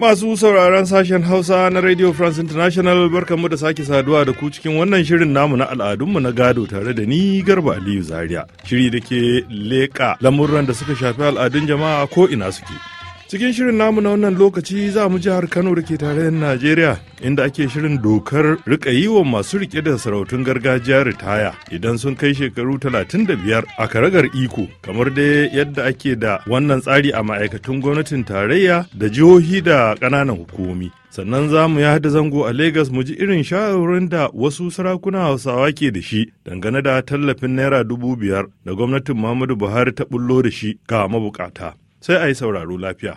Masu sauraron sashen Hausa na Radio France International barkanmu da sake saduwa da ku cikin wannan shirin namu na al'adunmu na gado tare da ni Garba Aliyu Zaria. Shiri da ke leƙa lamuran da suka shafi al'adun jama'a ko ina suke. cikin shirin namu na wannan lokaci za mu jihar kano da ke tarayyar najeriya inda ake shirin dokar rika yi wa masu rike da sarautun gargajiya ritaya idan sun kai shekaru 35 a karagar iko kamar dai yadda ake da wannan tsari a ma'aikatun gwamnatin tarayya da jihohi da ƙananan hukumomi sannan za mu ya da zango a Legas mu ji irin shawarwarin da wasu sarakuna hausawa ke da shi dangane da tallafin naira dubu biyar da gwamnatin Muhammadu Buhari ta bullo da shi ga mabukata. sai a yi sauraro lafiya.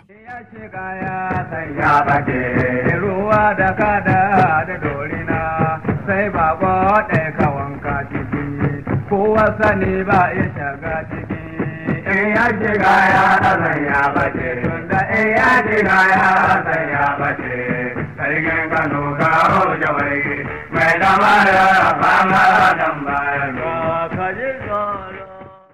Kowa sani ba ya shaga sai ya shiga ya zan ya bace, tunda in ya shiga ya zan ya bace, sarkin Kano hau jawai, mai ya da ma da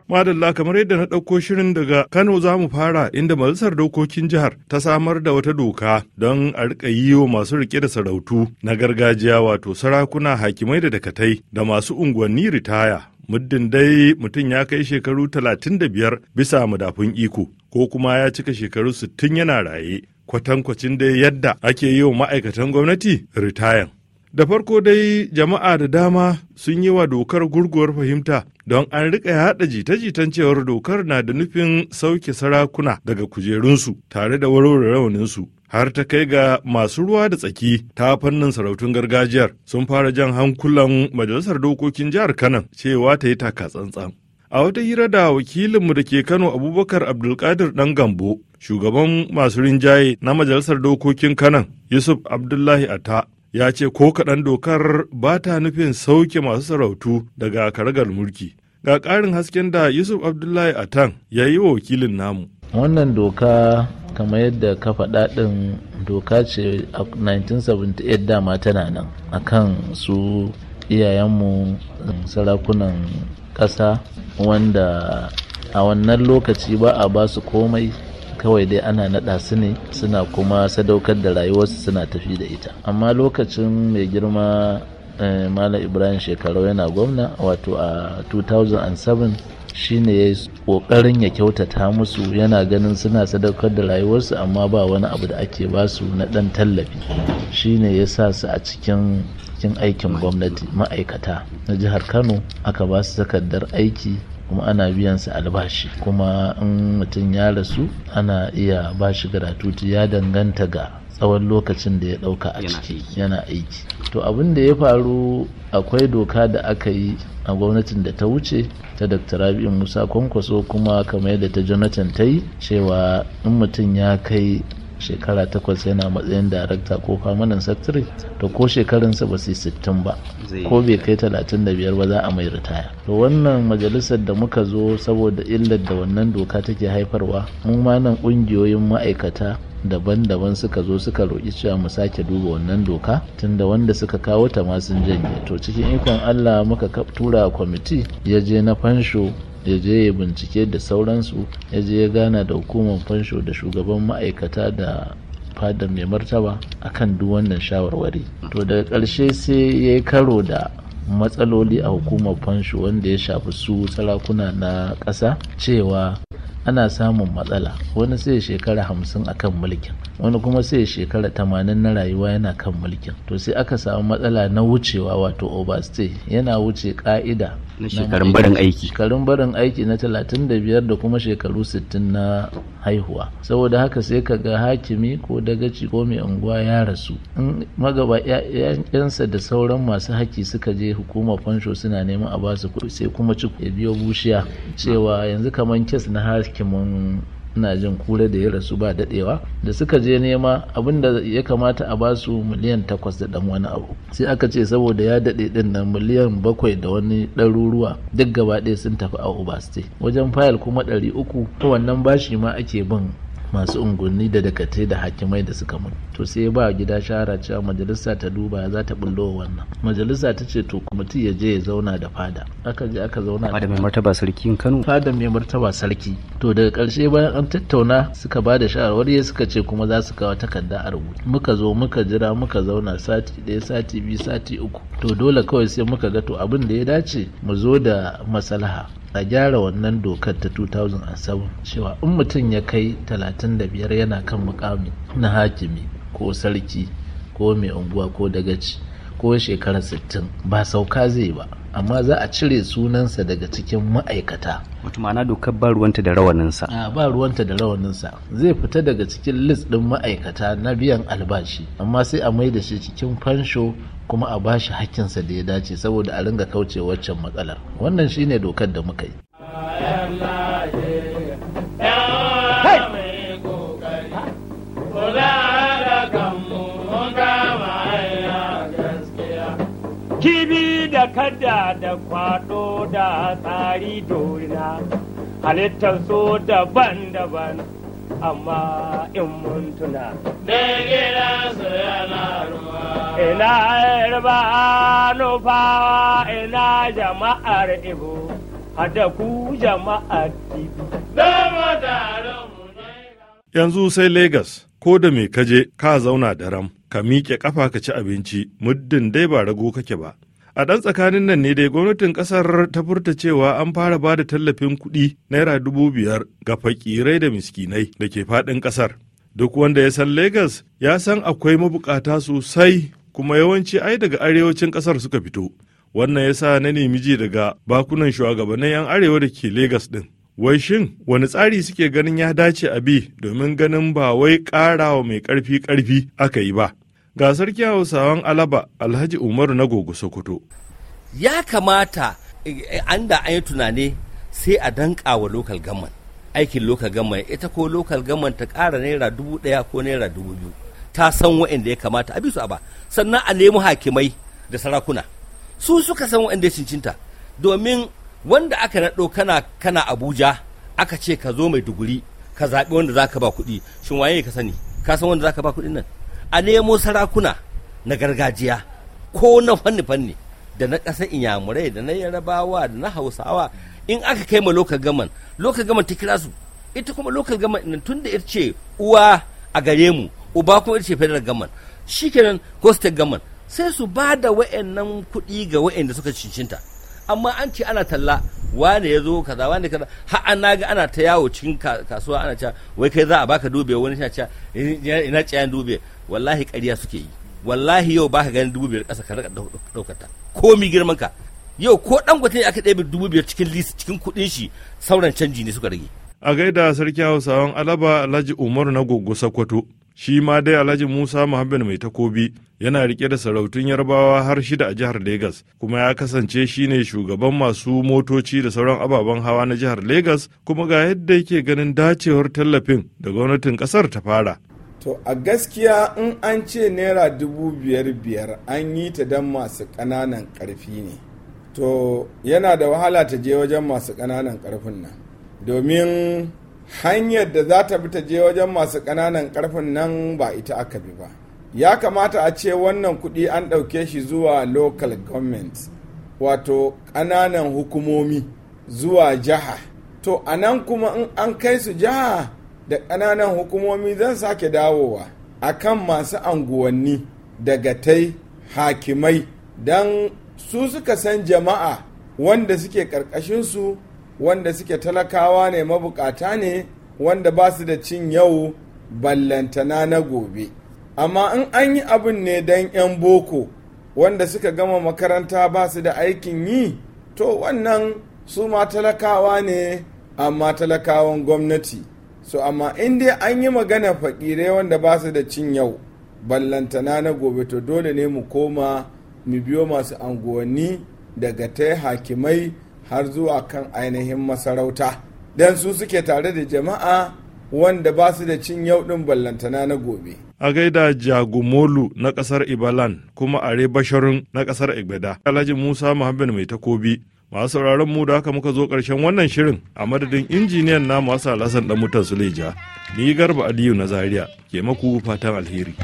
Madalla kamar yadda na ɗauko shirin daga Kano za mu fara inda majalisar dokokin jihar ta samar da wata doka don a riƙa yi wa masu riƙe da sarautu na gargajiya wato sarakuna hakimai da dakatai da masu unguwanni ritaya. Muddin dai mutum ya kai shekaru talatin da biyar bisa madafun iko ko kuma ya cika shekaru sittin yana raye kwatankwacin dai yadda ake yi wa ma'aikatan gwamnati ritayan. Da farko dai jama'a da dama sun yi wa dokar gurguwar fahimta don an rika haɗa jita-jitan cewar dokar na da nufin sauke sarakuna daga kujerunsu tare da warware rauninsu har ta kai ga masu ruwa da tsaki ta fannin sarautun gargajiyar sun fara jan hankulan majalisar dokokin jihar kanan cewa ta yi taka tsantsan a wata hira da wakilinmu da ke kano abubakar abdulkadir dan gambo shugaban masu rinjaye na majalisar dokokin kanan yusuf abdullahi ata ya ce ko kaɗan dokar ba ta nufin sauke masu sarautu daga karagar mulki Ga ƙarin hasken da Yusuf Abdullahi a Atan ya yi wa wakilin namu. Wannan doka kamar yadda ka faɗa ɗin doka ce a 1978 dama tana nan a kan su iyayenmu sarakunan ƙasa wanda a wannan lokaci ba a ba su komai kawai dai ana naɗa su ne suna kuma sadaukar da rayuwarsu suna tafi da ita amma lokacin mai girma Eh, malam ibrahim shekaru yana gwamna wato a 2007 shine ya yi kokarin ya kyautata musu yana ganin suna sadaukar da rayuwarsu amma ba wani abu da ake basu na dan tallafi shine ya sa su a cikin cikin aikin gwamnati ma'aikata na jihar kano aka ba su takardar aiki kuma ana biyan su albashi kuma in mutum ya rasu ana iya ba shi gratuity ya danganta ga tsawon lokacin da ya ɗauka a ciki yana aiki to abin da ya faru akwai doka da aka yi a gwamnatin da ta wuce ta dr rabi'in musa kwankwaso kuma kamar yadda ta jonathan ta yi cewa in mutum ya kai shekara takwas yana matsayin darakta ko famanan secretary to ko shekarunsa ba su sittin ba ko bai kai talatin da biyar ba za a mai ritaya to wannan majalisar da muka zo saboda illar da wannan doka take haifarwa mu ma nan ƙungiyoyin ma'aikata daban-daban suka zo suka roƙi cewa mu sake duba wannan doka tunda wanda suka kawo ta ma sun janye to cikin ikon allah muka tura kwamiti ya je na fansho ya je ya bincike da sauransu ya je ya gana da hukumar fansho da shugaban ma'aikata da fada mai martaba akan duk wannan shawarwari to daga ƙarshe sai ya yi karo da matsaloli a hukumar fansho wanda ya shafi su sarakuna na ƙasa cewa ana samun matsala wani sai shekara hamsin a kan mulkin wani kuma sai shekara tamanin na rayuwa yana kan mulkin to sai aka samu matsala na wucewa wato overstay yana wuce ka'ida na shekarun barin aiki shekarun barin aiki na 35 da kuma shekaru sittin na haihuwa saboda haka sai ka ga hakimi ko dagaci ko mai unguwa ya rasu in magaba yansa da sauran masu haki suka je hukumar fansho suna neman a basu kuɗi sai kuma ci ya biyo bushiya cewa yanzu kamar kes na haki hakimin na jin kura da ya rasu ba dadewa da suka je nema abin da ya kamata a ba su miliyan takwas da dan wani abu sai aka ce saboda ya dade din nan miliyan bakwai da wani ɗaruruwa duk gaba ɗaya sun tafi a uba wajen fayil kuma ɗari uku wannan bashi ma ake bin masu unguwanni da dakatai da hakimai da suka mutu to sai ba gida shara cewa majalisa ta duba za ta bullo wannan majalisa ta ce to kwamiti ya je ya zauna da fada aka je aka zauna fada mai martaba sarki kano fada mai martaba sarki to daga karshe bayan an tattauna suka ba da shawarwari suka ce kuma za su kawo takarda a rubutu muka zo muka jira muka zauna sati ɗaya sati biyu sati uku to dole kawai sai muka ga to abin da ya dace mu zo da maslaha a gyara wannan dokar ta 2007 cewa in mutum ya kai 35 yana kan mukami na hakimi ko sarki ko mai unguwa ko dagaci ko shekara 60 ba sauka zai ba amma za a cire sunansa daga cikin ma'aikata wato ma'ana dokar ba ruwanta da rawaninsa a ba ruwanta da rawaninsa zai fita daga cikin list ɗin ma'aikata na biyan albashi amma sai a mai da shi cikin fansho kuma a bashi hakkinsa da ya dace saboda a ringa kauce waccan matsalar wannan shine dokar da muka yi kada da kwado da tsari dorina halittar so daban-daban amma in mun tuna. Da gida su yana ruwa. Ina yarba nufawa ina jama'ar ibo, hada ku jama'ar tibi. da taron Yanzu sai Legas, ko da me kaje ka zauna daram, ka miƙe ƙafa ka ci abinci, muddin dai ba rago kake ba. A ɗan tsakanin nan ne dai gwamnatin ƙasar ta furta cewa an fara ba da tallafin kuɗi naira dubu biyar ga fakirai da miskinai da ke faɗin ƙasar. Duk wanda ya san Legas ya san akwai mabukata sosai kuma yawanci ai daga arewacin ƙasar suka fito. Wannan ya sa na nemi ji daga bakunan shugabannin 'yan arewa da ke Legas ɗin. Wai shin wani tsari suke ganin ya dace a bi domin ganin ba wai wa mai ƙarfi ƙarfi aka yi ba. gasar sarki hausawan alaba alhaji umaru na gogo sokoto ya kamata eh, an da an yi tunani sai a danka wa lokal gamman aikin lokal gamman ita ko lokal gamman ta ƙara naira dubu ɗaya ko naira dubu biyu ta san wa'anda ya kamata a bisu a ba sannan a nemi hakimai da sarakuna su suka san wa'anda ya cincinta domin wanda aka naɗo kana kana abuja aka ce ka zo mai duguri ka zaɓi wanda za ka ba kuɗi shin waye ka sani ka san wanda za ka ba kuɗin nan a nemo sarakuna na gargajiya ko na fanni-fanni da na ƙasar inyamurai da na yarabawa da na hausawa in aka kai ma lokal gaman lokal gaman ta kira su ita kuma lokal gaman ina tun da ita ce uwa a gare mu uba kuma ita ce federal gaman shi ko state gaman sai su ba da wa'annan kuɗi ga wa'anda suka cincinta amma an ce ana talla wane ya zo kaza wane kaza har an naga ana ta yawo cikin kasuwa ana cewa wai kai za a baka dube wani yana cewa eh, ina ciyan dube wallahi ƙarya suke yi wallahi yau baka ganin dubu biyar ƙasa ka rika ɗaukar ko mi girman ka yau ko dan gwate aka ɗebe dubu biyar cikin list cikin kuɗin shi sauran canji ne suka rage a gaida sarki hausawan alaba alhaji umaru na gogo sakwato shi ma dai alhaji musa muhammad mai takobi yana rike da sarautun yarbawa har shida a jihar Legas kuma ya kasance shine shugaban masu motoci da sauran ababen hawa na jihar Legas kuma ga yadda yake ganin dacewar tallafin da gwamnatin kasar ta fara. To a gaskiya in an ce naira dubu biyar biyar an yi ta don masu ƙananan ƙarfi ne. To yana da wahala ta je wajen masu ƙananan ƙarfin nan domin hanyar da za ta bi ta je wajen masu ƙananan ƙarfin nan ba ita aka bi ba ya kamata a ce wannan kuɗi an ɗauke shi zuwa local government wato ƙananan hukumomi zuwa jiha to a nan kuma in an kai su jiha da ƙananan hukumomi zan sake dawowa a kan masu anguwanni daga tai hakimai don su suka san jama'a wanda suke ƙarƙashinsu wanda suke talakawa ne mabukata ne wanda ba su da cin yau ballantana na gobe amma in an yi abin ne don 'yan boko wanda suka gama makaranta ba su da aikin yi to wannan su ma talakawa ne amma talakawan gwamnati so amma in dai an yi magana fakirai wanda ba su da cin yau ballantana na gobe to dole ne mu koma mu biyo masu anguwanni daga ta hakimai har zuwa kan ainihin masarauta don su suke tare da jama'a wanda ba su da cin yau ɗin ballantana na gobe a gaida jagumolu na ƙasar ibalan kuma are basharun na ƙasar igbeda alhaji musa muhammad mai takobi masu sauraron mu da haka muka zo ƙarshen wannan shirin a madadin injiniyan na masu alasan dan mutan suleja ni garba aliyu na zaria ke maku fatan alheri